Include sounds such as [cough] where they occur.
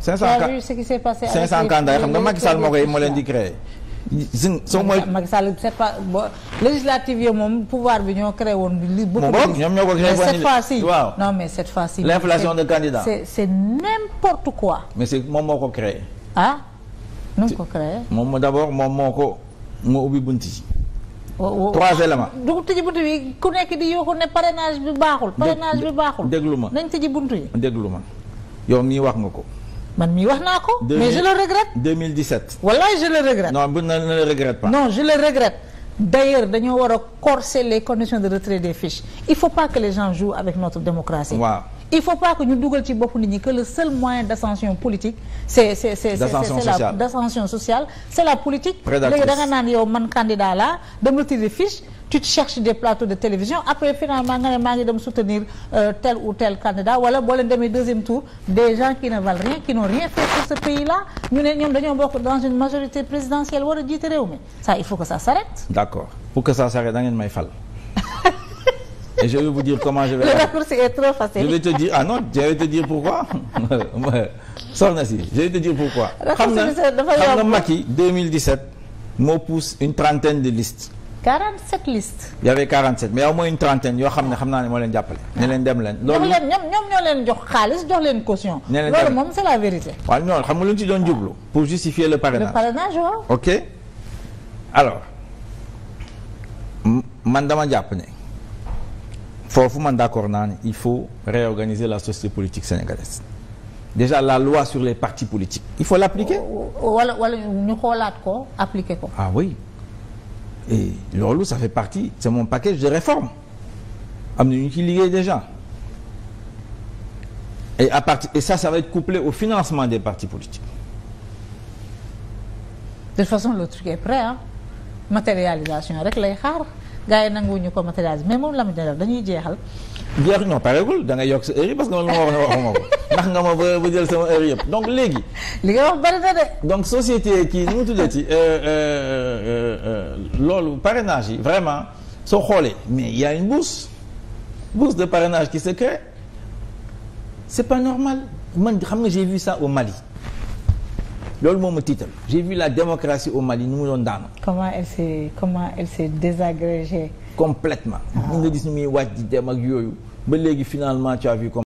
500 cas vu ce qui s'est passé. 500 candidats xam nga Macky Sall moo koy moo leen di créé. soo mooy Macky Sall c'est pas bon législative yi moom pouvoir bi ñoo créé woon. li bëgg a ñoom ñoo ko créé mais cette fois-ci waaw non mais cette fois-ci. l'inflation de candidats c'est c'est n'importe quoi. mais c'est moom moo ko créé. ah nu mu ko créé. moom d'abord moom moo ko moo ubbi bunt yi. Oh, oh, oh. trois éléments. du tëj bunt bi ku nekk di yoo ko ne parrainage bi baaxul. parrainage bi baaxul déglu ma nañ tëj bunt yi. déglu ma yow mii wax nga ko. man mii wax na ko. mais je le regrette. 2017. wallaay je le regrette. non bu ne le regrette pas. non je le regrette d' ailleurs dañoo war a les conditions de retrait des fiches il faut pas que les gens jouent avec notre démocratie. il faut pas que ñu dugal ci bopp nit ñi que le seul moyen d' ascension politique. c' est c' est c' est c' la politique. léegi da nga man candidat laa dama tirer fiche. tu te cherches des de télévision après finalement nga ne maa soutenir euh, tel ou tel candidat wala boo leen demee deuxième tour des gens qui ne valent rien qui n'ont rien fait ce pays là ñu ne ñoom dañoo dans une majorité présidentielle war a jiite réew mi il faut que ça s'arrête d'accord pour que ça s'arrête da may fal [laughs] Et je vais vous dire comment je vais. Le ah non je vais te dire pourquoi [laughs] soxna si je vais te dire pourquoi. xam nga xam nga une trentaine de listes. 47 listes. y avait 47 mais yow mooy une trentaine yoo xam ne xam naa ne moo leen jàppale. ne leen dem leen. loolu jox leen ñoom ñoom ñoo leen jox xaalis jox leen caution. ne leen loolu moom c'est la vérité. waaw ñooñu xam nga lu ñu ci doon jublu. pour justifier le parrainage le parrainage waaw. ok alors man dama jàpp ne foofu man d'accord naa ne il faut réorganiser la société politique sénégalaise. déjà la loi sur les partis politiques. il faut l'appliquer. wala wala ñu xoolaat ko appliquer ko. ah oui. et loolu ça fait partie c'est mon package de réformes am na ñu ci liggéey déjà et a parti et ça ça va être couplé au financement des parti politiques. de toute façon le truc est prêt hein matérialisation rek lay xaar gars yi nanguwuñu ko matérialiser mais moom la mu dañuy jeexal. jeex non pareegul da ngay yokk sa heure yi parce que man lu ma wax ne waxuma ko. ndax nga ma ba ba jël sama heure yëpp donc léegi. li nga wax bari na de. donc société kii nu mu tuddee ci euh, euh, euh, loolu parrainage yi vraiment soo xoolee mais y a une bourse bourse de parrainage qui se crée c'est pas normal man xam nga j'ai vu ça au Mali. loolu moom ma tiital j'ai vu la démocratie au Mali nu mu doon daanu. comment elle s'est comment elle s'est désagrégée. complètement. ñu ah. nga gis ni muy wàcc di dem ak yooyu ba léegi finalement tu as vu comme.